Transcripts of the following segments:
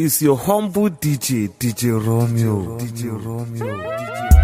It's your humble DJ, DJ Romeo. DJ Romeo. DJ Romeo.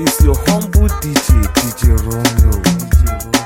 It's your humble DJ, DJ Romeo. DJ Romeo.